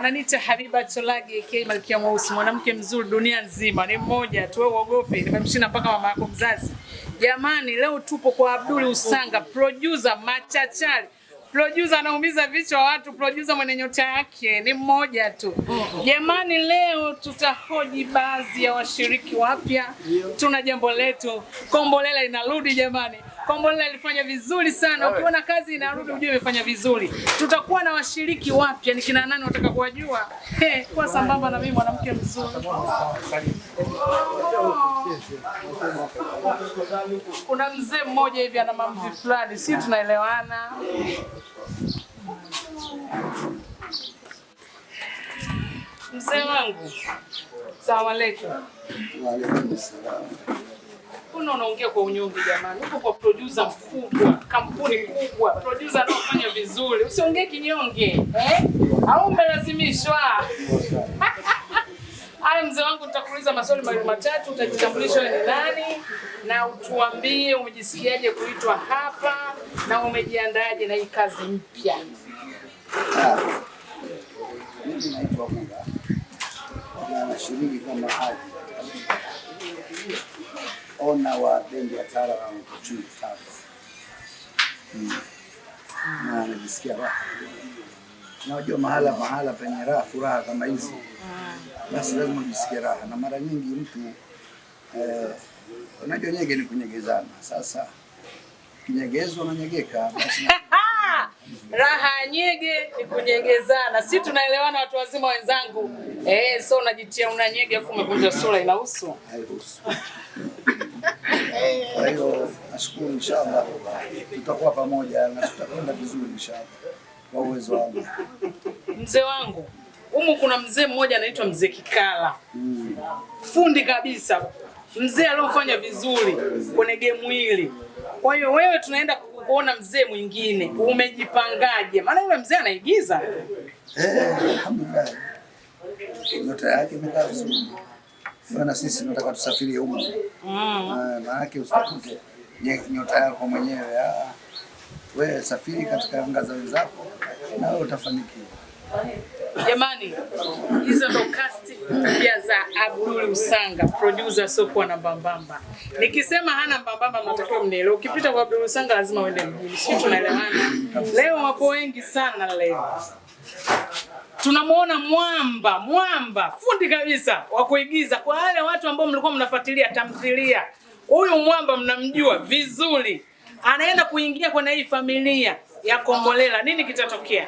Wananiita Habiba Cholagi aka Malkia Mweusi, mwanamke mzuri dunia nzima, ni mmoja tu, wewe uogope, nimemshinda mpaka mama yako mzazi. Jamani, leo tupo kwa abdul Usanga, producer machachari, producer anaumiza vichwa watu, producer mwenye nyota yake ni mmoja tu. Jamani, leo tutahoji baadhi ya washiriki wapya, tuna jambo letu, Kombolela inarudi jamani. Kombolela alifanya vizuri sana. Ukiona kazi inarudi ujue imefanya vizuri. Tutakuwa na washiriki wapya, ni kina nani unataka kuwajua? Hey, kuwa sambamba na mimi mwanamke mzuri. Oh. Kuna mzee mmoja hivi ana mamvi fulani, si tunaelewana? Mzee wangu, salamu aleikum. Wa Mbona unaongea kwa unyonge jamani? Uko kwa producer mkubwa, kampuni kubwa, producer anafanya vizuri, usiongee kinyonge eh? Au umelazimishwa? Haya, mzee wangu, nitakuuliza maswali mawili matatu, utajitambulisha ni nani na utuambie umejisikiaje kuitwa hapa na umejiandaje na hii kazi mpya. Mimi naitwa nashiriki kama ona wa benki ya Tala chungu tatu hmm. ah. na najisikia raha. Unajua, mahala mahala penye raha, furaha kama hizi, ah. basi lazima ujisikie raha, na mara nyingi mtu eh, unajua nyege ni kunyegezana. Sasa kinyegezwa unanyegeka basi raha nyege ni kunyegezana, si tunaelewana watu wazima wenzangu? Eh, so unajitia unanyege afu umekunja sura, inahusu haihusu Kwa hiyo nashukuru, inshallah tutakuwa pamoja na tutakwenda vizuri inshallah kwa uwezo wangu. Mzee wangu humu kuna mzee mmoja anaitwa mzee Kikala mm. fundi kabisa, mzee aliofanya vizuri kwenye gemu hili. Kwa hiyo wewe tunaenda kuona mzee mwingine, umejipangaje? Maana yule mzee anaigiza. Eh, alhamdulillah. Ndio tayari imekaa vizuri. Bwana, sisi tunataka tusafiri umma mm. Eh, maanake usikute nyota yako mwenyewe, wewe ah, safiri katika anga za wenzako na wewe utafanikiwa. Jamani, hizo ndo kasti mpya za Abdul Usanga, producer siokuwa na mbambamba. Nikisema hana mbambamba, mnatakiwa mnielewa. Ukipita kwa Abdul Usanga lazima uende mjini, si tunaelewana. Leo wapo wengi sana leo tunamwona mwamba mwamba fundi kabisa wa kuigiza. Kwa wale watu ambao mlikuwa mnafuatilia tamthilia, huyu mwamba mnamjua vizuri, anaenda kuingia kwenye hii familia ya Kombolela. Nini kitatokea?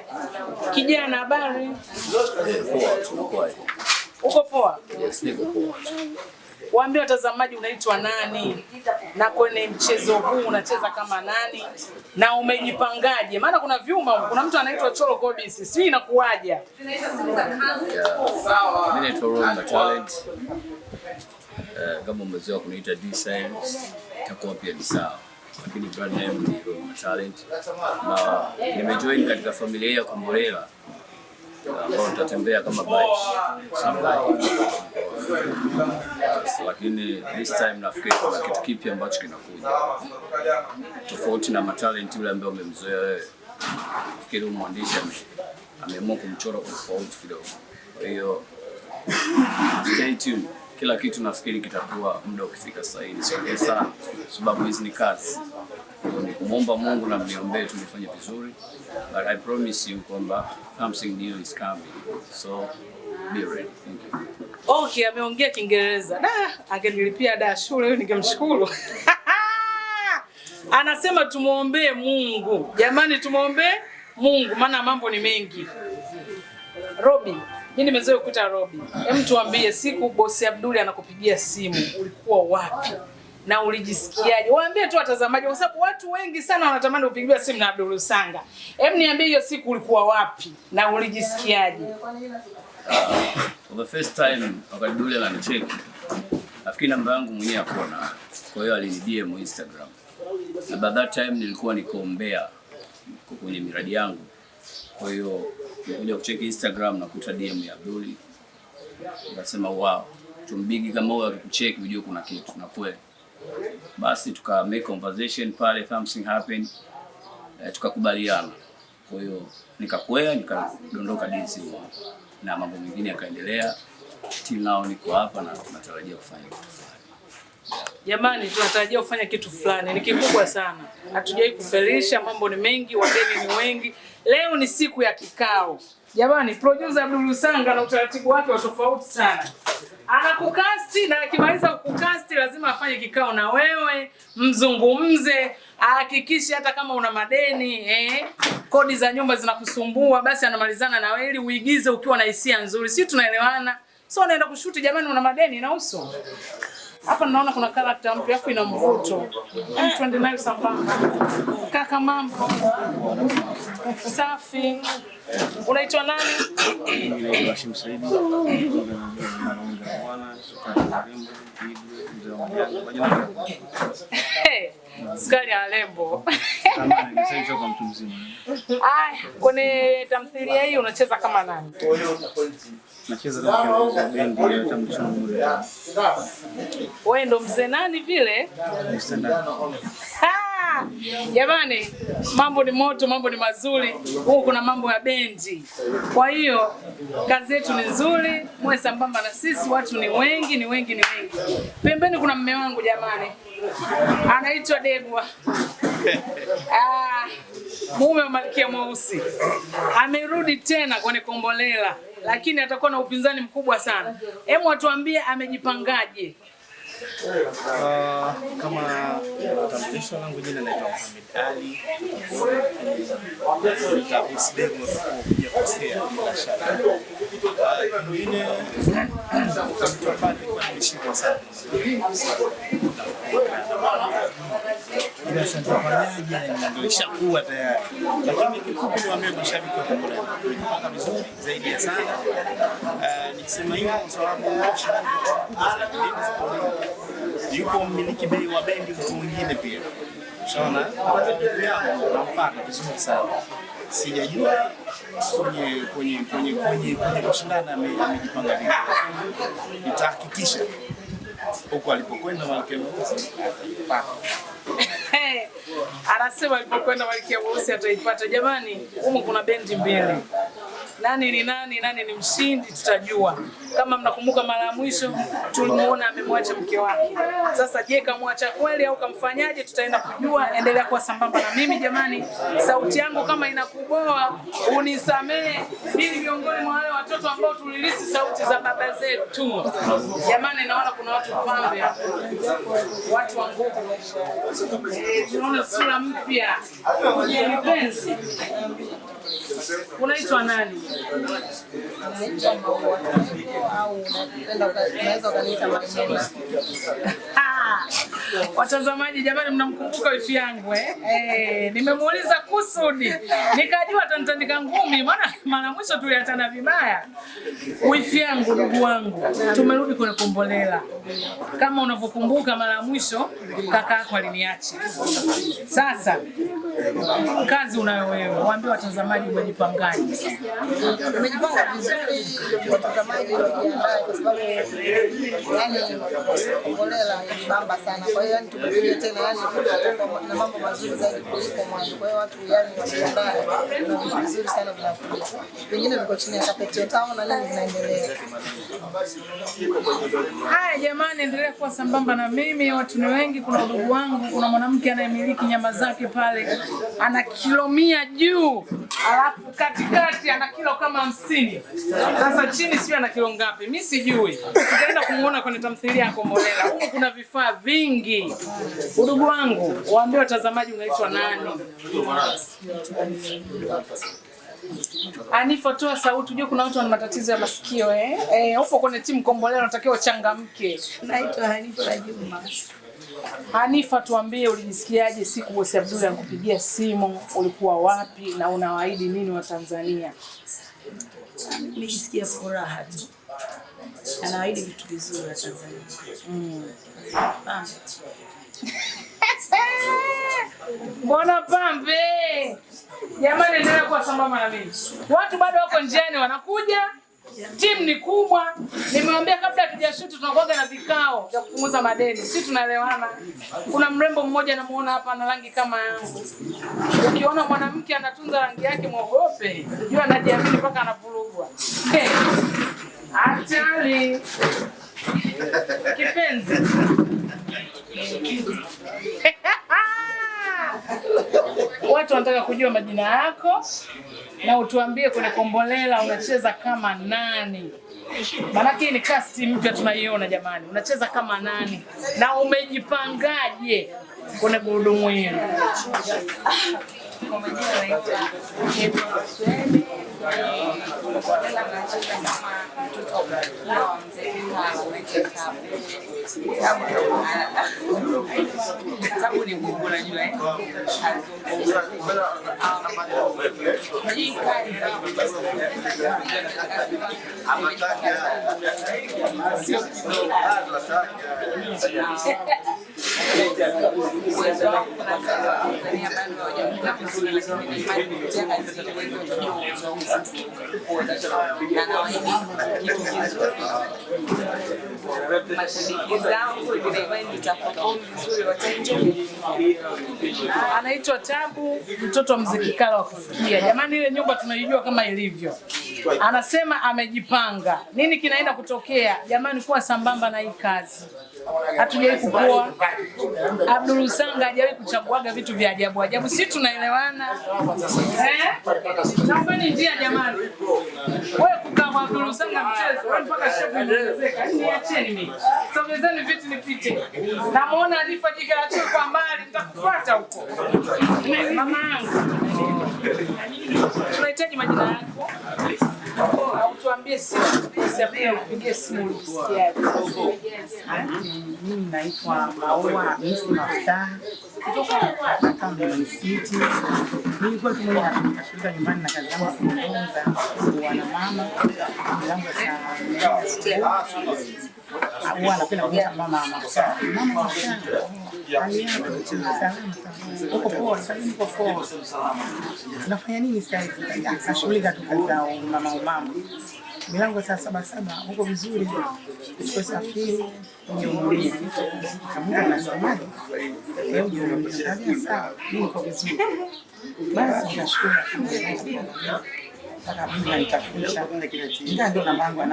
Kijana, habari uko poa? Yes, poa waambie watazamaji unaitwa nani na kwenye mchezo huu unacheza kama nani na umejipangaje? Maana kuna vyuma, kuna mtu anaitwa Cholo Kobis, si inakuwaje? Mimi naitwa Ron Talent. Uh, kama umezoea kuniita D-Science, itakuwa pia ni sawa lakini brand name ni Roma Talent, na nimejoin katika familia ya Kombolela ambao tutatembea kama bike lakini this time nafikiri kuna kitu kipi ambacho kinakuja tofauti na matalent yule ambaye umemzoea wewe. Nafikiri huyu mwandishi ameamua kumchora kwa tofauti kidogo, kwa hiyo stay tuned kila kitu nafikiri kitakuwa muda ukifika sahihi, sio sana, sababu hizi ni kazi. Ni kumwomba Mungu na mniombee tumefanya vizuri, but I promise you kwamba something new is coming, so be ready. Thank you. Okay, ameongea Kiingereza. Da, angenilipia da shule huyu ningemshukuru. Anasema tumwombee Mungu. Jamani, tumwombee Mungu maana mambo ni mengi. Robi hii nimezoea kukuta Robi. Hem, tuambie siku bosi Abduli anakupigia simu ulikuwa wapi? Na ulijisikiaje? Waambie tu watazamaji kwa sababu watu wengi sana wanatamani kupigiwa simu na Abdul Sanga. Hem, niambie hiyo siku ulikuwa wapi na ulijisikiaje? For the first time wakati Abdul alinicheki. Nafikiri namba yangu mwenyewe hakuona. Kwa hiyo alinidia mu Instagram. Na by that time nilikuwa niko Mbeya kwenye miradi yangu. Kwa hiyo kuja kucheki Instagram nakuta DM ya Abduli, nikasema wow, tumbigi kama huyo akikucheki ujue kuna kitu na kweli. Basi tuka make conversation pale, something happen, eh, tukakubaliana. Kwa hiyo nikakwea, nikadondoka DC na mambo mengine yakaendelea. Till now niko hapa na tunatarajia kufanya kitu fulani. Jamani, tunatarajia kufanya kitu fulani, ni kikubwa sana, hatujawahi kufelisha. Mambo ni mengi, wageni ni wengi. Leo ni siku ya kikao jamani. Producer Abdul Sanga na utaratibu wake wa tofauti sana, anakukasti na akimaliza kukasti lazima afanye kikao na wewe, mzungumze, ahakikishe hata kama una madeni eh, kodi za nyumba zinakusumbua, basi anamalizana na wewe ili uigize ukiwa na hisia nzuri, si tunaelewana? So anaenda kushuti, jamani, una madeni na uso hapa naona kuna karakta mpya afu ina mvuto. Yaani twende nayo sambamba. Kaka mambo. Safi. Unaitwa nani? Hashim Saidi. Sukari ya Alembo. Kwenye tamthilia hii unacheza kama nani? nacheza Wewe ndo mzee nani vile? Jamani, mambo ni moto, mambo ni mazuri. Huko kuna mambo ya bendi. Kwa hiyo kazi yetu ni nzuri, mwe sambamba na sisi. Watu ni wengi, ni wengi, ni wengi. Pembeni kuna mme wangu jamani, anaitwa Degwa. Ah, mume wa Malkia Mweusi amerudi tena kwenye Kombolela lakini atakuwa na upinzani mkubwa sana. Hebu atuambie amejipangaje? Uh, kama utambulisho langu, jina naitwa Mohamed Ali kuja bila shaka mtu apate sana ila ishakuwa tayari. Lakini kifupi niwaambie mashabiki wa Tabora tumejipanga vizuri zaidi ya sana. Ah, nikisema hivyo kwa sababu yuko mmiliki bei wa bendi mtu mwingine pia shona yangu vizuri sana sijajua kwenye kwenye kwenye kwenye kwenye kushindana amejipanga vipi. Nitahakikisha huko alipokwenda Malkia Meusi anasema alipokwenda Malkia Mweusi ataipata. Jamani, humu kuna bendi mbili nani ni nani, nani ni mshindi tutajua. Kama mnakumbuka mara ya mwisho tulimuona amemwacha mke wake. Sasa je, kamwacha kweli au kamfanyaje? Tutaenda kujua. Endelea kuwa sambamba na mimi jamani. Sauti yangu kama inakuboa unisamehe, ili miongoni mwa wale watoto ambao tulilisi sauti za baba zetu. Jamani, naona kuna watu pambe, watu wa nguvu, eh, tunaona sura mpya, mpenzi Unaitwa nani? Ah, watazamaji jamani, mnamkumbuka wifi yangu eh? Eh, nimemuuliza kusudi nikajua atanitandika ngumi, maana mara mwisho tuliachana vibaya. Wifi yangu, ndugu wangu, tumerudi kwenye Kombolela. Kama unavyokumbuka, mara mwisho kaka yako aliniacha. Sasa kazi unayo wewe, waambie watazamaji umejipangani. Umejipanga vizuri, watazamaji wajiandae, kwa sababu yani Mbolela bamba sana. Kwa hiyo yani tena, yani na mambo mazuri zaidi kuliko mwanzo. Kwa hiyo watu yani wanashangaa vizuri sana, vinakuja vingine viko chini ya kapeti ya tao na nini vinaendelea. Haya jamani, endelea kuwa sambamba na mimi. Watu ni wengi, kuna udugu wangu, kuna mwanamke anayemiliki nyama zake pale ana kilo mia juu, alafu katikati ana kilo kama hamsini. Sasa chini sio ana kilo ngapi, mi sijui, tutaenda kumuona kwenye tamthilia ya Kombolela. Huko kuna vifaa vingi. Udugu wangu, waambie watazamaji unaitwa nani? Anifa, toa sauti. ujue kuna watu wana matatizo ya masikio eh? Eh, upo kwenye timu Kombolela, unatakiwa changamke. Naitwa la Juma. Hanifa, tuambie ulijisikiaje siku bosi Abduli akupigia simu, ulikuwa wapi na unawaahidi nini wa Tanzania? Nilijisikia furaha tu, anawaahidi vitu vizuri wa Tanzania. Mm. pambe jamani, endelea kuwa sambamba na mimi. Watu bado wako njiani wanakuja timu ni kubwa. Nimewambia kabla hatujashuti tunakuwaga na vikao vya kupunguza madeni, si tunaelewana. Kuna mrembo mmoja namuona hapa ana rangi kama yangu. Ukiona mwanamke anatunza rangi yake mwogope, jua anajiamini mpaka anavurugwa. Hey, hatari kipenzi watu wanataka kujua majina yako na utuambie kwenye Kombolela unacheza kama nani? Maanake ni kasti mpya tunaiona jamani, unacheza kama nani na umejipangaje kwenye gurudumu hili? mgogo unajua eh, sio kidogo Anaitwa Tabu, mtoto mzikikala wa kusikia. Jamani, ile nyumba tunaijua kama ilivyo anasema amejipanga. Nini kinaenda kutokea? Jamani, kuwa sambamba na hii kazi. Hatujawai kukua, Abdul Usanga hajawahi kuchaguaga vitu vya ajabu ajabu, si tunaelewana eh? njia jamani, wewe kukaa kwa Abdul Sanga mchezo wewe niacheni mimi sogezeni viti nipite, namuona alifajika kwa mbali, nitakufuata huko Mimi naitwa Maua Hamisi Maftaha kutoka mwenyekiti. Nilikuwa tu mwenye nashughulika nyumbani na kazi yangu ya kuongoza wanamama yangu huwa anapenda kuita mama Mama Maftaha nini sasa Nashughulika tu kazi za umama umama milango saa saba saba huko vizuri, kuchukua safiri kwenye umunifu niko vizuri. Basi nashukuru nikainuka, mali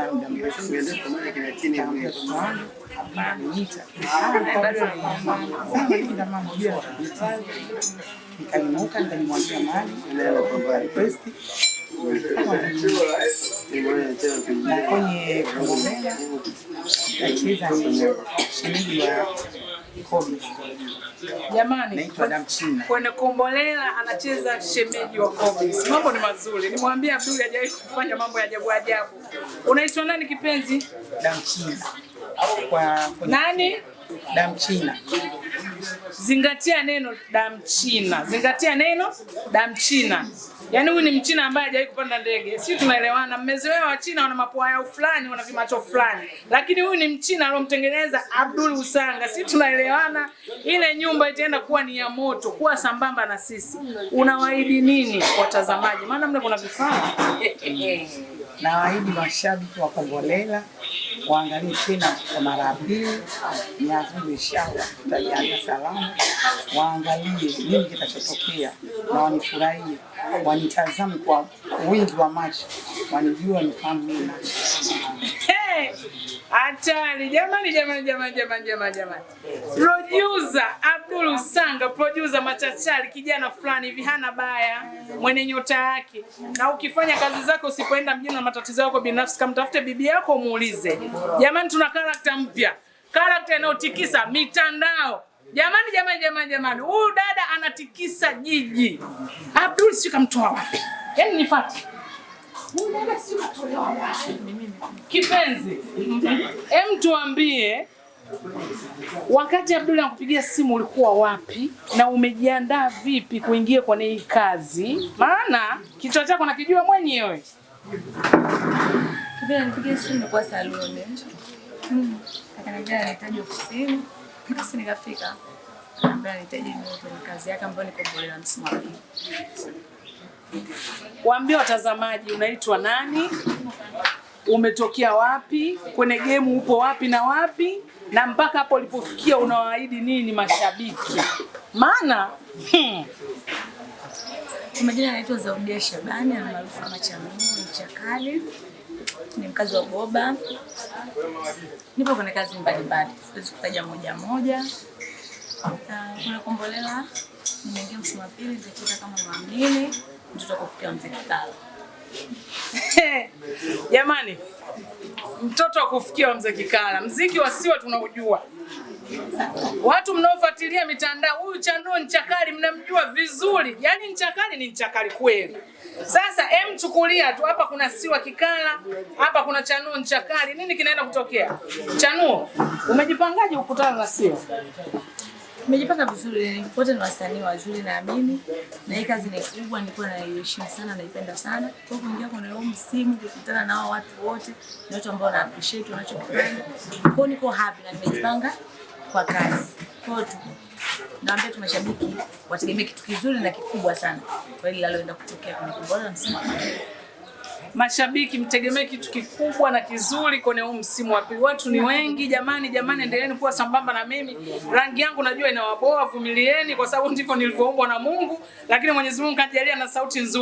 request kwenye ngomela nacheza shemeji wa jamani, kwenye kombolela anacheza shemeji wa Kobisi. Mambo ni mazuri, nimwambia Abduli hajawahi kufanya mambo ya ajabu ajabu. Unaitwa nani kipenzi? Damchina. Kwa nani? Damchina zingatia neno damchina, zingatia neno damchina. Yaani huyu ni mchina ambaye hajawahi kupanda ndege, si tunaelewana? Mmezoea wachina wana mapua yao fulani, wana vimacho fulani, lakini huyu ni mchina aliyomtengeneza Abdul Usanga, si tunaelewana? Ile nyumba itaenda kuwa ni ya moto. Kuwa sambamba na sisi. Unawaahidi nini watazamaji? Maana mna kuna vifaa nawaahidi mashabiki wa Kombolela waangalie tena kwa mara pili, miazimu ishawa tutaiaga salama, waangalie nini kitachotokea, na wanifurahie, wanitazamu kwa wingi wa macho, wanijua nifahamu nini Hatari jamani, jamani, jamani, jamani, jamani, jamani. Producer Abdul Usanga, producer machachari, kijana fulani hivi hana baya, mwenye nyota yake. Na ukifanya kazi zako, usipoenda mjini na matatizo yako binafsi, kamtafute bibi yako muulize, jamani, tuna karakta mpya, karakta inayotikisa mitandao. Jamani, jamani, jamani, jamani, huyu dada anatikisa jiji. Abdul sio wapi? Yaani nifuate Kipenzi, em, tuambie wakati Abduli anakupigia simu ulikuwa wapi na umejiandaa vipi kuingia kwenye hii kazi, maana kichwa chako nakijua mwenyewe. Nipigia simu kwa saluni, hmm. akaniambia anahitaji ofisini, basi nikafika, anahitaji kazi yake ambayo niko Msimbazi. Waambie watazamaji unaitwa nani, umetokea wapi, kwenye gemu upo wapi na wapi, na mpaka hapo ulipofikia unawaahidi nini mashabiki? Maana hmm. Majina anaitwa Zaudia Shabani maarufu kama Chamini, ni mchakali, ni mkazi wa Goba. Nipo kwenye kazi mbalimbali, siwezi kutaja moja moja. Ah, kuna Kombolela, nimeingia Msumapili, nitacheza kama Mwamini kufika mzee Kitala. Jamani, mtoto wa kufikia wa mzee Kikala, mziki wa siwa tunaujua. Watu mnaofuatilia mitandao, huyu chanuo Nchakali mnamjua vizuri, yaani Nchakali ni Nchakali kweli. Sasa em, chukulia tu hapa kuna siwa Kikala, hapa kuna Chanuo Nchakali, nini kinaenda kutokea? Chanuo, umejipangaje kukutana na siwa? Nimejipanga vizuri, wote ni wasanii wazuri naamini, na hii kazi ni kubwa, nilikuwa naiheshimu sana, naipenda sana. Kwa kuingia kwenye huu msimu, kukutana nao watu wote, ni watu ambao na appreciate wanachokifanya. Kwa niko happy na nimejipanga kwa kazi. Kwa tu naambia tu mashabiki wategemee kitu kizuri na kikubwa sana kwa hili linaloenda kutokea kwenye na msimu mashabiki mtegemee kitu kikubwa na kizuri kwenye huu msimu wa pili. Watu ni wengi jamani, jamani, endeleeni kuwa sambamba na mimi. Rangi yangu najua inawaboa, vumilieni kwa sababu ndivyo nilivyoumbwa na Mungu, lakini Mwenyezi Mungu kajalia na sauti nzuri.